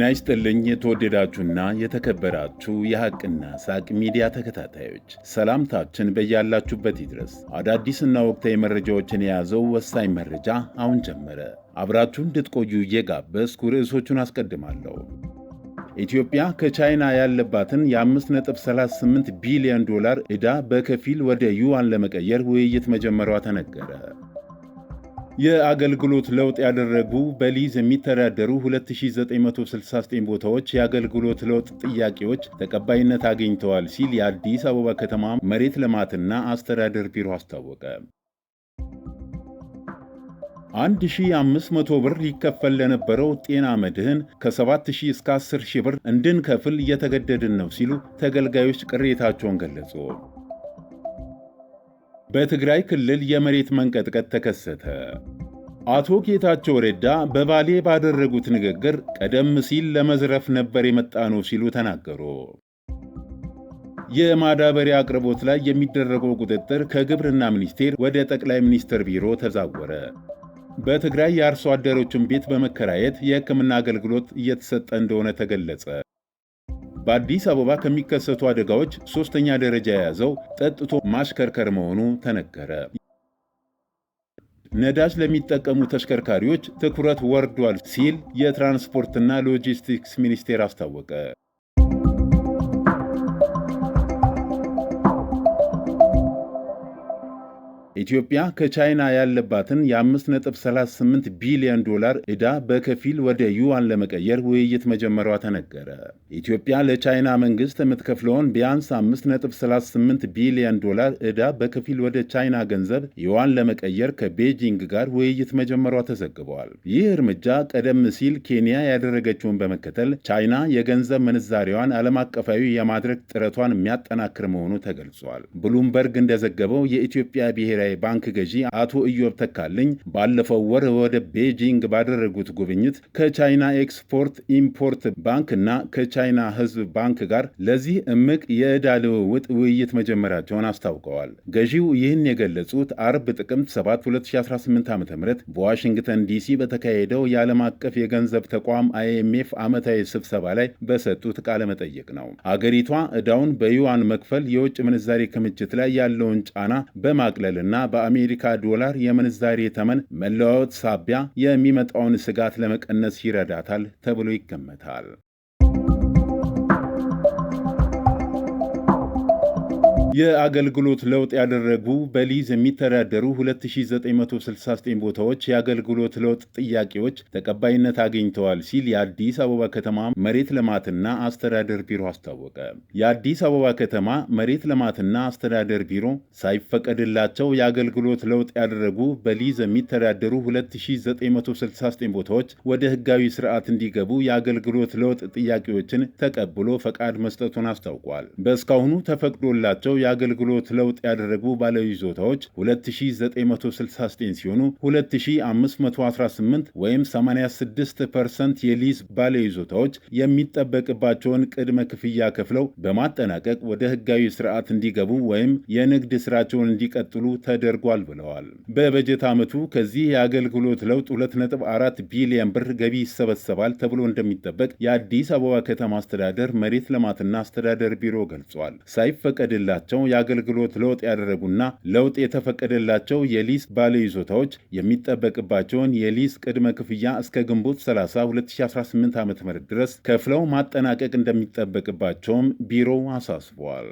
ጤና ይስጥልኝ የተወደዳችሁና የተከበራችሁ የሐቅና ሳቅ ሚዲያ ተከታታዮች ሰላምታችን በያላችሁበት ይድረስ። አዳዲስና ወቅታዊ መረጃዎችን የያዘው ወሳኝ መረጃ አሁን ጀመረ። አብራችሁ እንድትቆዩ እየጋበዝኩ ርዕሶቹን አስቀድማለሁ። ኢትዮጵያ ከቻይና ያለባትን የ5.38 ቢሊዮን ዶላር ዕዳ በከፊል ወደ ዩዋን ለመቀየር ውይይት መጀመሯ ተነገረ። የአገልግሎት ለውጥ ያደረጉ በሊዝ የሚተዳደሩ 2969 ቦታዎች የአገልግሎት ለውጥ ጥያቄዎች ተቀባይነት አግኝተዋል ሲል የአዲስ አበባ ከተማ መሬት ልማትና አስተዳደር ቢሮ አስታወቀ። 1500 ብር ይከፈል ለነበረው ጤና መድህን ከ7000 እስከ 10000 ብር እንድንከፍል እየተገደድን ነው ሲሉ ተገልጋዮች ቅሬታቸውን ገለጹ። በትግራይ ክልል የመሬት መንቀጥቀጥ ተከሰተ። አቶ ጌታቸው ረዳ በባሌ ባደረጉት ንግግር ቀደም ሲል ለመዝረፍ ነበር የመጣ ነው ሲሉ ተናገሩ። የማዳበሪያ አቅርቦት ላይ የሚደረገው ቁጥጥር ከግብርና ሚኒስቴር ወደ ጠቅላይ ሚኒስትር ቢሮ ተዛወረ። በትግራይ የአርሶ አደሮችን ቤት በመከራየት የሕክምና አገልግሎት እየተሰጠ እንደሆነ ተገለጸ። በአዲስ አበባ ከሚከሰቱ አደጋዎች ሦስተኛ ደረጃ የያዘው ጠጥቶ ማሽከርከር መሆኑ ተነገረ። ነዳጅ ለሚጠቀሙ ተሽከርካሪዎች ትኩረት ወርዷል ሲል የትራንስፖርትና ሎጂስቲክስ ሚኒስቴር አስታወቀ። ኢትዮጵያ ከቻይና ያለባትን የ5.38 ቢሊዮን ዶላር ዕዳ በከፊል ወደ ዩዋን ለመቀየር ውይይት መጀመሯ ተነገረ። ኢትዮጵያ ለቻይና መንግሥት የምትከፍለውን ቢያንስ 5.38 ቢሊዮን ዶላር ዕዳ በከፊል ወደ ቻይና ገንዘብ ዩዋን ለመቀየር ከቤጂንግ ጋር ውይይት መጀመሯ ተዘግበዋል። ይህ እርምጃ ቀደም ሲል ኬንያ ያደረገችውን በመከተል ቻይና የገንዘብ ምንዛሪዋን ዓለም አቀፋዊ የማድረግ ጥረቷን የሚያጠናክር መሆኑ ተገልጿል። ብሉምበርግ እንደዘገበው የኢትዮጵያ ብሔራዊ ብሔራዊ ባንክ ገዢ አቶ ኢዮብ ተካልኝ ባለፈው ወር ወደ ቤጂንግ ባደረጉት ጉብኝት ከቻይና ኤክስፖርት ኢምፖርት ባንክ እና ከቻይና ሕዝብ ባንክ ጋር ለዚህ እምቅ የዕዳ ልውውጥ ውይይት መጀመራቸውን አስታውቀዋል። ገዢው ይህን የገለጹት አርብ ጥቅምት 7 2018 ዓ ም በዋሽንግተን ዲሲ በተካሄደው የዓለም አቀፍ የገንዘብ ተቋም አይኤምኤፍ ዓመታዊ ስብሰባ ላይ በሰጡት ቃለ መጠይቅ ነው። አገሪቷ ዕዳውን በዩዋን መክፈል የውጭ ምንዛሬ ክምችት ላይ ያለውን ጫና በማቅለልና በአሜሪካ ዶላር የምንዛሬ ተመን መለዋወጥ ሳቢያ የሚመጣውን ስጋት ለመቀነስ ይረዳታል ተብሎ ይገመታል። የአገልግሎት ለውጥ ያደረጉ በሊዝ የሚተዳደሩ 2969 ቦታዎች የአገልግሎት ለውጥ ጥያቄዎች ተቀባይነት አግኝተዋል ሲል የአዲስ አበባ ከተማ መሬት ልማትና አስተዳደር ቢሮ አስታወቀ። የአዲስ አበባ ከተማ መሬት ልማትና አስተዳደር ቢሮ ሳይፈቀድላቸው የአገልግሎት ለውጥ ያደረጉ በሊዝ የሚተዳደሩ 2969 ቦታዎች ወደ ህጋዊ ስርዓት እንዲገቡ የአገልግሎት ለውጥ ጥያቄዎችን ተቀብሎ ፈቃድ መስጠቱን አስታውቋል። በእስካሁኑ ተፈቅዶላቸው የአገልግሎት ለውጥ ያደረጉ ባለይዞታዎች 2969 ሲሆኑ 2518 ወይም 86 ፐርሰንት የሊዝ ባለይዞታዎች የሚጠበቅባቸውን ቅድመ ክፍያ ከፍለው በማጠናቀቅ ወደ ህጋዊ ስርዓት እንዲገቡ ወይም የንግድ ስራቸውን እንዲቀጥሉ ተደርጓል ብለዋል። በበጀት ዓመቱ ከዚህ የአገልግሎት ለውጥ 2.4 ቢሊዮን ብር ገቢ ይሰበሰባል ተብሎ እንደሚጠበቅ የአዲስ አበባ ከተማ አስተዳደር መሬት ልማትና አስተዳደር ቢሮ ገልጿል። ሳይፈቀድላቸው በመሆናቸው የአገልግሎት ለውጥ ያደረጉና ለውጥ የተፈቀደላቸው የሊዝ ባለይዞታዎች የሚጠበቅባቸውን የሊዝ ቅድመ ክፍያ እስከ ግንቦት 30 2018 ዓ ም ድረስ ከፍለው ማጠናቀቅ እንደሚጠበቅባቸውም ቢሮው አሳስቧል።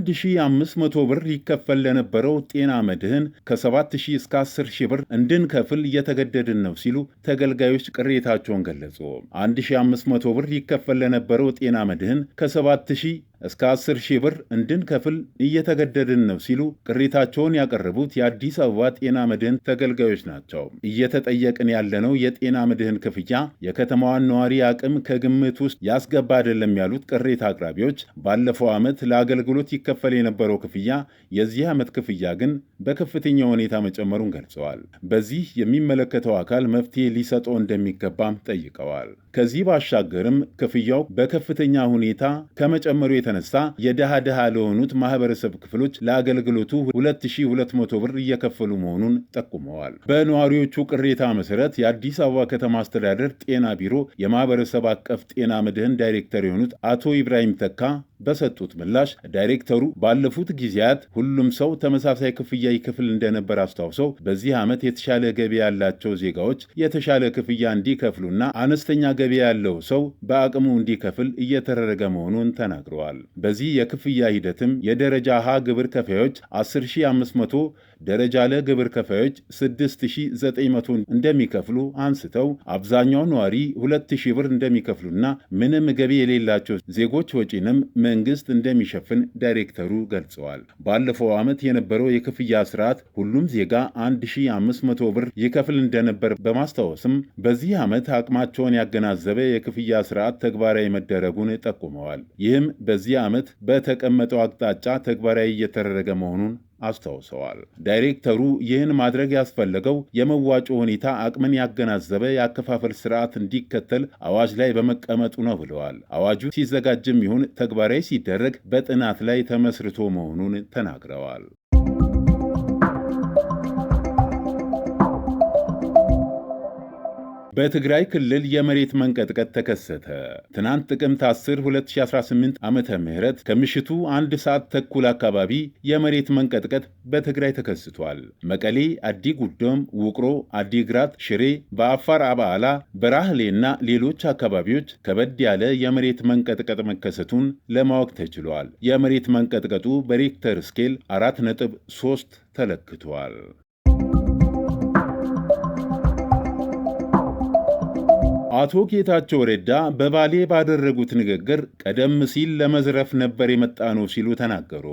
1500 ብር ይከፈል ለነበረው ጤና መድህን ከ7000 እስከ 10000 ብር እንድንከፍል እየተገደድን ነው ሲሉ ተገልጋዮች ቅሬታቸውን ገለጹ። 1500 ብር ይከፈል ለነበረው ጤና መድህን ከ7000 እስከ 10 ሺህ ብር እንድንከፍል እየተገደድን ነው ሲሉ ቅሬታቸውን ያቀረቡት የአዲስ አበባ ጤና መድህን ተገልጋዮች ናቸው። እየተጠየቅን ያለነው የጤና መድህን ክፍያ የከተማዋን ነዋሪ አቅም ከግምት ውስጥ ያስገባ አይደለም ያሉት ቅሬታ አቅራቢዎች ባለፈው ዓመት ለአገልግሎት ይከፈል የነበረው ክፍያ የዚህ ዓመት ክፍያ ግን በከፍተኛ ሁኔታ መጨመሩን ገልጸዋል። በዚህ የሚመለከተው አካል መፍትሄ ሊሰጠው እንደሚገባም ጠይቀዋል። ከዚህ ባሻገርም ክፍያው በከፍተኛ ሁኔታ ከመጨመሩ የተ የተነሳ የድሃ ድሃ ለሆኑት ማህበረሰብ ክፍሎች ለአገልግሎቱ 2200 ብር እየከፈሉ መሆኑን ጠቁመዋል። በነዋሪዎቹ ቅሬታ መሰረት የአዲስ አበባ ከተማ አስተዳደር ጤና ቢሮ የማህበረሰብ አቀፍ ጤና መድህን ዳይሬክተር የሆኑት አቶ ኢብራሂም ተካ በሰጡት ምላሽ ዳይሬክተሩ ባለፉት ጊዜያት ሁሉም ሰው ተመሳሳይ ክፍያ ይክፍል እንደነበር አስታውሰው በዚህ ዓመት የተሻለ ገቢ ያላቸው ዜጋዎች የተሻለ ክፍያ እንዲከፍሉና አነስተኛ ገቢ ያለው ሰው በአቅሙ እንዲከፍል እየተደረገ መሆኑን ተናግረዋል። በዚህ የክፍያ ሂደትም የደረጃ ሀ ግብር ከፋዮች 10500 ደረጃ ለ ግብር ከፋዮች 6900 እንደሚከፍሉ አንስተው አብዛኛው ነዋሪ 2000 ብር እንደሚከፍሉና ምንም ገቢ የሌላቸው ዜጎች ወጪንም መንግስት እንደሚሸፍን ዳይሬክተሩ ገልጸዋል። ባለፈው ዓመት የነበረው የክፍያ ስርዓት ሁሉም ዜጋ 1500 ብር ይከፍል እንደነበር በማስታወስም በዚህ ዓመት አቅማቸውን ያገናዘበ የክፍያ ስርዓት ተግባራዊ መደረጉን ጠቁመዋል። ይህም በዚህ ዓመት በተቀመጠው አቅጣጫ ተግባራዊ እየተደረገ መሆኑን አስታውሰዋል። ዳይሬክተሩ ይህን ማድረግ ያስፈለገው የመዋጮ ሁኔታ አቅምን ያገናዘበ የአከፋፈል ስርዓት እንዲከተል አዋጅ ላይ በመቀመጡ ነው ብለዋል። አዋጁ ሲዘጋጅም ይሁን ተግባራዊ ሲደረግ በጥናት ላይ ተመስርቶ መሆኑን ተናግረዋል። በትግራይ ክልል የመሬት መንቀጥቀጥ ተከሰተ። ትናንት ጥቅምት 10 2018 ዓ ም ከምሽቱ አንድ ሰዓት ተኩል አካባቢ የመሬት መንቀጥቀጥ በትግራይ ተከስቷል። መቀሌ፣ አዲ ጉዶም፣ ውቅሮ፣ አዲግራት፣ ሽሬ፣ በአፋር አባዓላ፣ በራህሌና ሌሎች አካባቢዎች ከበድ ያለ የመሬት መንቀጥቀጥ መከሰቱን ለማወቅ ተችሏል። የመሬት መንቀጥቀጡ በሬክተር ስኬል 4.3 ተለክቷል። አቶ ጌታቸው ረዳ በባሌ ባደረጉት ንግግር ቀደም ሲል ለመዝረፍ ነበር የመጣ ነው ሲሉ ተናገሩ።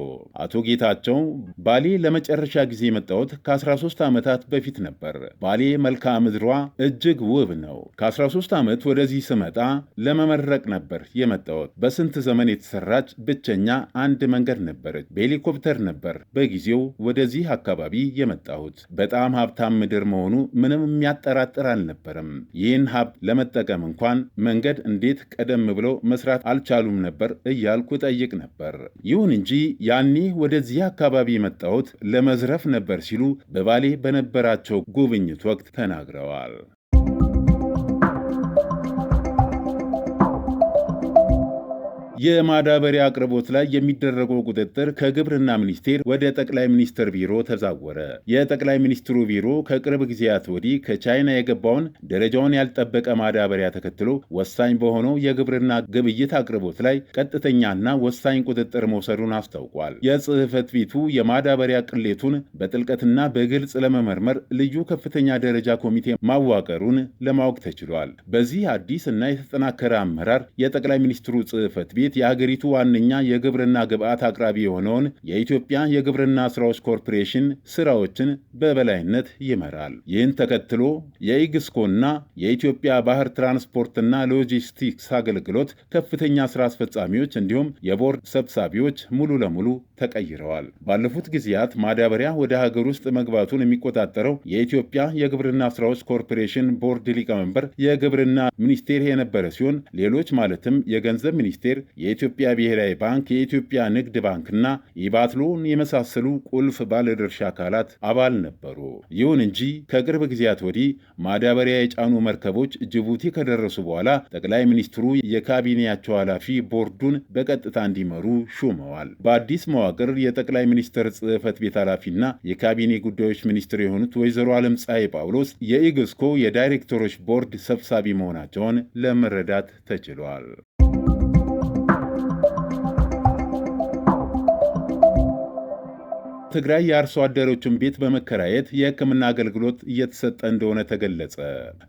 አቶ ጌታቸው ባሌ ለመጨረሻ ጊዜ የመጣሁት ከ13 ዓመታት በፊት ነበር። ባሌ መልክዓ ምድሯ እጅግ ውብ ነው። ከ13 ዓመት ወደዚህ ስመጣ ለመመረቅ ነበር የመጣሁት። በስንት ዘመን የተሰራች ብቸኛ አንድ መንገድ ነበረች። በሄሊኮፕተር ነበር በጊዜው ወደዚህ አካባቢ የመጣሁት። በጣም ሀብታም ምድር መሆኑ ምንም የሚያጠራጥር አልነበረም። ይህን ሀብት ለመጠቀም እንኳን መንገድ እንዴት ቀደም ብለው መስራት አልቻሉም ነበር እያልኩ ጠይቅ ነበር። ይሁን እንጂ ያኔ ወደዚህ አካባቢ መጣሁት ለመዝረፍ ነበር ሲሉ በባሌ በነበራቸው ጉብኝት ወቅት ተናግረዋል። የማዳበሪያ አቅርቦት ላይ የሚደረገው ቁጥጥር ከግብርና ሚኒስቴር ወደ ጠቅላይ ሚኒስትር ቢሮ ተዛወረ። የጠቅላይ ሚኒስትሩ ቢሮ ከቅርብ ጊዜያት ወዲህ ከቻይና የገባውን ደረጃውን ያልጠበቀ ማዳበሪያ ተከትሎ ወሳኝ በሆነው የግብርና ግብይት አቅርቦት ላይ ቀጥተኛና ወሳኝ ቁጥጥር መውሰዱን አስታውቋል። የጽህፈት ቤቱ የማዳበሪያ ቅሌቱን በጥልቀትና በግልጽ ለመመርመር ልዩ ከፍተኛ ደረጃ ኮሚቴ ማዋቀሩን ለማወቅ ተችሏል። በዚህ አዲስ እና የተጠናከረ አመራር የጠቅላይ ሚኒስትሩ ጽህፈት ቤት ድርጅት የአገሪቱ ዋነኛ የግብርና ግብዓት አቅራቢ የሆነውን የኢትዮጵያ የግብርና ስራዎች ኮርፖሬሽን ስራዎችን በበላይነት ይመራል። ይህን ተከትሎ የኢግስኮና የኢትዮጵያ ባህር ትራንስፖርትና ሎጂስቲክስ አገልግሎት ከፍተኛ ስራ አስፈጻሚዎች እንዲሁም የቦርድ ሰብሳቢዎች ሙሉ ለሙሉ ተቀይረዋል። ባለፉት ጊዜያት ማዳበሪያ ወደ ሀገር ውስጥ መግባቱን የሚቆጣጠረው የኢትዮጵያ የግብርና ስራዎች ኮርፖሬሽን ቦርድ ሊቀመንበር የግብርና ሚኒስቴር የነበረ ሲሆን ሌሎች ማለትም የገንዘብ ሚኒስቴር የኢትዮጵያ ብሔራዊ ባንክ፣ የኢትዮጵያ ንግድ ባንክና ኢባትሎን የመሳሰሉ ቁልፍ ባለድርሻ አካላት አባል ነበሩ። ይሁን እንጂ ከቅርብ ጊዜያት ወዲህ ማዳበሪያ የጫኑ መርከቦች ጅቡቲ ከደረሱ በኋላ ጠቅላይ ሚኒስትሩ የካቢኔያቸው ኃላፊ ቦርዱን በቀጥታ እንዲመሩ ሹመዋል። በአዲስ መዋቅር የጠቅላይ ሚኒስትር ጽህፈት ቤት ኃላፊና የካቢኔ ጉዳዮች ሚኒስትር የሆኑት ወይዘሮ ፀሐይ ጳውሎስ የኢግስኮ የዳይሬክተሮች ቦርድ ሰብሳቢ መሆናቸውን ለመረዳት ተችሏል። ትግራይ የአርሶ አደሮችን ቤት በመከራየት የሕክምና አገልግሎት እየተሰጠ እንደሆነ ተገለጸ።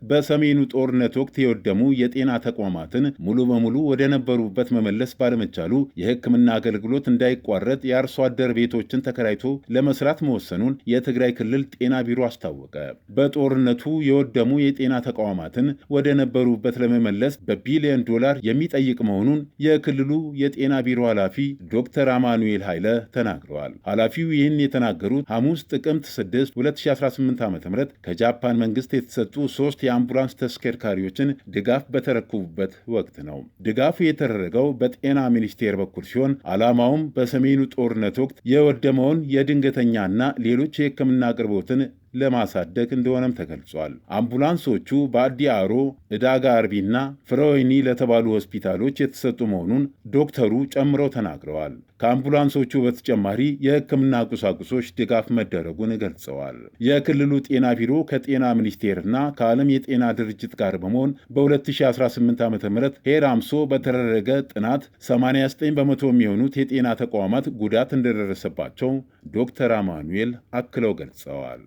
በሰሜኑ ጦርነት ወቅት የወደሙ የጤና ተቋማትን ሙሉ በሙሉ ወደ ነበሩበት መመለስ ባለመቻሉ የሕክምና አገልግሎት እንዳይቋረጥ የአርሶ አደር ቤቶችን ተከራይቶ ለመስራት መወሰኑን የትግራይ ክልል ጤና ቢሮ አስታወቀ። በጦርነቱ የወደሙ የጤና ተቋማትን ወደ ነበሩበት ለመመለስ በቢሊዮን ዶላር የሚጠይቅ መሆኑን የክልሉ የጤና ቢሮ ኃላፊ ዶክተር አማኑኤል ኃይለ ተናግረዋል። ኃላፊው ይህን የተናገሩት ሐሙስ ጥቅምት 6 2018 ዓ ም ከጃፓን መንግስት የተሰጡ ሶስት የአምቡላንስ ተሽከርካሪዎችን ድጋፍ በተረከቡበት ወቅት ነው። ድጋፉ የተደረገው በጤና ሚኒስቴር በኩል ሲሆን ዓላማውም በሰሜኑ ጦርነት ወቅት የወደመውን የድንገተኛና ሌሎች የሕክምና አቅርቦትን ለማሳደግ እንደሆነም ተገልጿል። አምቡላንሶቹ በአዲ አሮ፣ ዕዳጋ አርቢና ፍረወይኒ ለተባሉ ሆስፒታሎች የተሰጡ መሆኑን ዶክተሩ ጨምረው ተናግረዋል። ከአምቡላንሶቹ በተጨማሪ የሕክምና ቁሳቁሶች ድጋፍ መደረጉን ገልጸዋል። የክልሉ ጤና ቢሮ ከጤና ሚኒስቴርና ከዓለም የጤና ድርጅት ጋር በመሆን በ2018 ዓ ም ሄራምሶ በተደረገ ጥናት 89 በመቶ የሚሆኑት የጤና ተቋማት ጉዳት እንደደረሰባቸው ዶክተር አማኑኤል አክለው ገልጸዋል።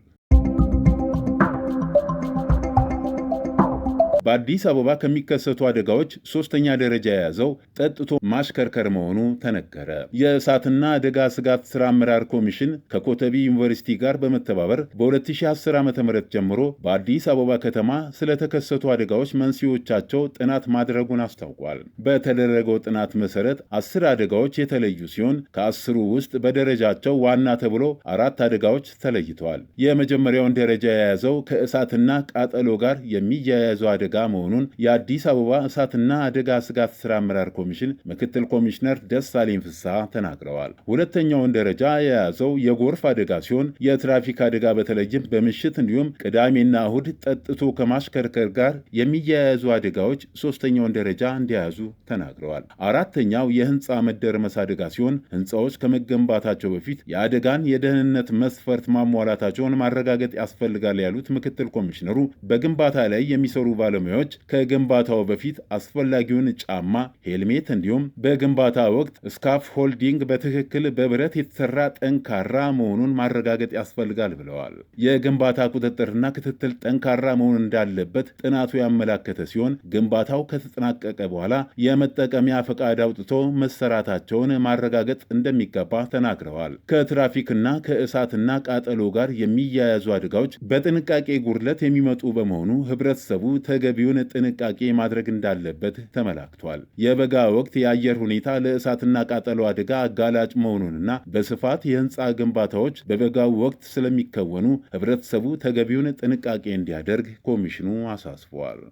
በአዲስ አበባ ከሚከሰቱ አደጋዎች ሶስተኛ ደረጃ የያዘው ጠጥቶ ማሽከርከር መሆኑ ተነገረ። የእሳትና አደጋ ስጋት ስራ አመራር ኮሚሽን ከኮተቢ ዩኒቨርሲቲ ጋር በመተባበር በ2010 ዓ ም ጀምሮ በአዲስ አበባ ከተማ ስለተከሰቱ አደጋዎች መንስኤዎቻቸው ጥናት ማድረጉን አስታውቋል። በተደረገው ጥናት መሰረት አስር አደጋዎች የተለዩ ሲሆን ከአስሩ ውስጥ በደረጃቸው ዋና ተብሎ አራት አደጋዎች ተለይተዋል። የመጀመሪያውን ደረጃ የያዘው ከእሳትና ቃጠሎ ጋር የሚያያዘው አደጋ አደጋ መሆኑን የአዲስ አበባ እሳትና አደጋ ስጋት ስራ አመራር ኮሚሽን ምክትል ኮሚሽነር ደሳሌን ፍስሐ ተናግረዋል። ሁለተኛውን ደረጃ የያዘው የጎርፍ አደጋ ሲሆን የትራፊክ አደጋ በተለይም በምሽት እንዲሁም ቅዳሜና እሁድ ጠጥቶ ከማሽከርከር ጋር የሚያያዙ አደጋዎች ሶስተኛውን ደረጃ እንደያዙ ተናግረዋል። አራተኛው የህንፃ መደርመስ አደጋ ሲሆን ህንፃዎች ከመገንባታቸው በፊት የአደጋን የደህንነት መስፈርት ማሟላታቸውን ማረጋገጥ ያስፈልጋል ያሉት ምክትል ኮሚሽነሩ በግንባታ ላይ የሚሰሩ ባለ ባለሙያዎች ከግንባታው በፊት አስፈላጊውን ጫማ፣ ሄልሜት እንዲሁም በግንባታ ወቅት ስካፍ ሆልዲንግ በትክክል በብረት የተሰራ ጠንካራ መሆኑን ማረጋገጥ ያስፈልጋል ብለዋል። የግንባታ ቁጥጥርና ክትትል ጠንካራ መሆን እንዳለበት ጥናቱ ያመላከተ ሲሆን ግንባታው ከተጠናቀቀ በኋላ የመጠቀሚያ ፈቃድ አውጥቶ መሰራታቸውን ማረጋገጥ እንደሚገባ ተናግረዋል። ከትራፊክና ከእሳትና ቃጠሎ ጋር የሚያያዙ አደጋዎች በጥንቃቄ ጉድለት የሚመጡ በመሆኑ ህብረተሰቡ ተገ ተገቢውን ጥንቃቄ ማድረግ እንዳለበት ተመላክቷል። የበጋ ወቅት የአየር ሁኔታ ለእሳትና ቃጠሎ አደጋ አጋላጭ መሆኑንና በስፋት የህንፃ ግንባታዎች በበጋው ወቅት ስለሚከወኑ ህብረተሰቡ ተገቢውን ጥንቃቄ እንዲያደርግ ኮሚሽኑ አሳስቧል።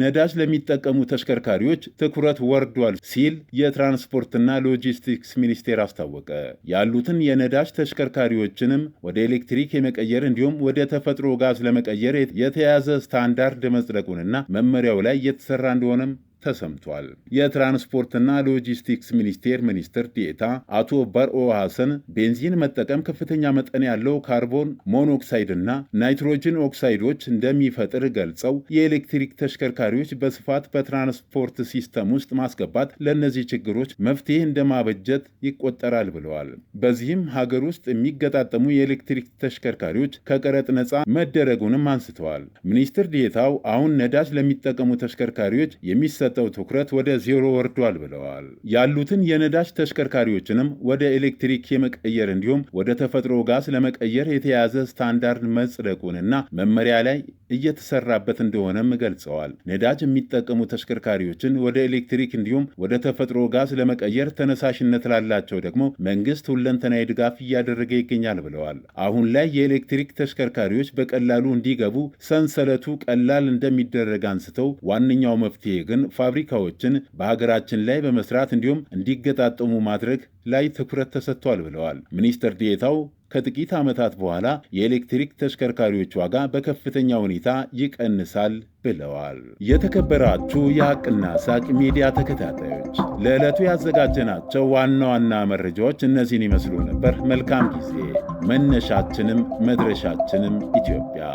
ነዳጅ ለሚጠቀሙ ተሽከርካሪዎች ትኩረት ወርዷል ሲል የትራንስፖርትና ሎጂስቲክስ ሚኒስቴር አስታወቀ። ያሉትን የነዳጅ ተሽከርካሪዎችንም ወደ ኤሌክትሪክ የመቀየር እንዲሁም ወደ ተፈጥሮ ጋዝ ለመቀየር የተያዘ ስታንዳርድ መጽደቁንና መመሪያው ላይ እየተሰራ እንደሆነም ተሰምቷል። የትራንስፖርትና ሎጂስቲክስ ሚኒስቴር ሚኒስትር ዲኤታ አቶ በርኦ ሐሰን ቤንዚን መጠቀም ከፍተኛ መጠን ያለው ካርቦን ሞኖክሳይድና ናይትሮጅን ኦክሳይዶች እንደሚፈጥር ገልጸው የኤሌክትሪክ ተሽከርካሪዎች በስፋት በትራንስፖርት ሲስተም ውስጥ ማስገባት ለእነዚህ ችግሮች መፍትሄ እንደማበጀት ይቆጠራል ብለዋል። በዚህም ሀገር ውስጥ የሚገጣጠሙ የኤሌክትሪክ ተሽከርካሪዎች ከቀረጥ ነፃ መደረጉንም አንስተዋል። ሚኒስትር ዲኤታው አሁን ነዳጅ ለሚጠቀሙ ተሽከርካሪዎች የሚሰ የሚሰጠው ትኩረት ወደ ዜሮ ወርዷል ብለዋል። ያሉትን የነዳጅ ተሽከርካሪዎችንም ወደ ኤሌክትሪክ የመቀየር እንዲሁም ወደ ተፈጥሮ ጋዝ ለመቀየር የተያዘ ስታንዳርድ መጽደቁንና መመሪያ ላይ እየተሰራበት እንደሆነም ገልጸዋል። ነዳጅ የሚጠቀሙ ተሽከርካሪዎችን ወደ ኤሌክትሪክ እንዲሁም ወደ ተፈጥሮ ጋዝ ለመቀየር ተነሳሽነት ላላቸው ደግሞ መንግስት ሁለንተናዊ ድጋፍ እያደረገ ይገኛል ብለዋል። አሁን ላይ የኤሌክትሪክ ተሽከርካሪዎች በቀላሉ እንዲገቡ ሰንሰለቱ ቀላል እንደሚደረግ አንስተው ዋነኛው መፍትሄ ግን ፋብሪካዎችን በሀገራችን ላይ በመስራት እንዲሁም እንዲገጣጠሙ ማድረግ ላይ ትኩረት ተሰጥቷል ብለዋል። ሚኒስትር ዴኤታው ከጥቂት ዓመታት በኋላ የኤሌክትሪክ ተሽከርካሪዎች ዋጋ በከፍተኛ ሁኔታ ይቀንሳል ብለዋል። የተከበራችሁ የሐቅና ሳቅ ሚዲያ ተከታታዮች ለዕለቱ ያዘጋጀናቸው ዋና ዋና መረጃዎች እነዚህን ይመስሉ ነበር። መልካም ጊዜ። መነሻችንም መድረሻችንም ኢትዮጵያ።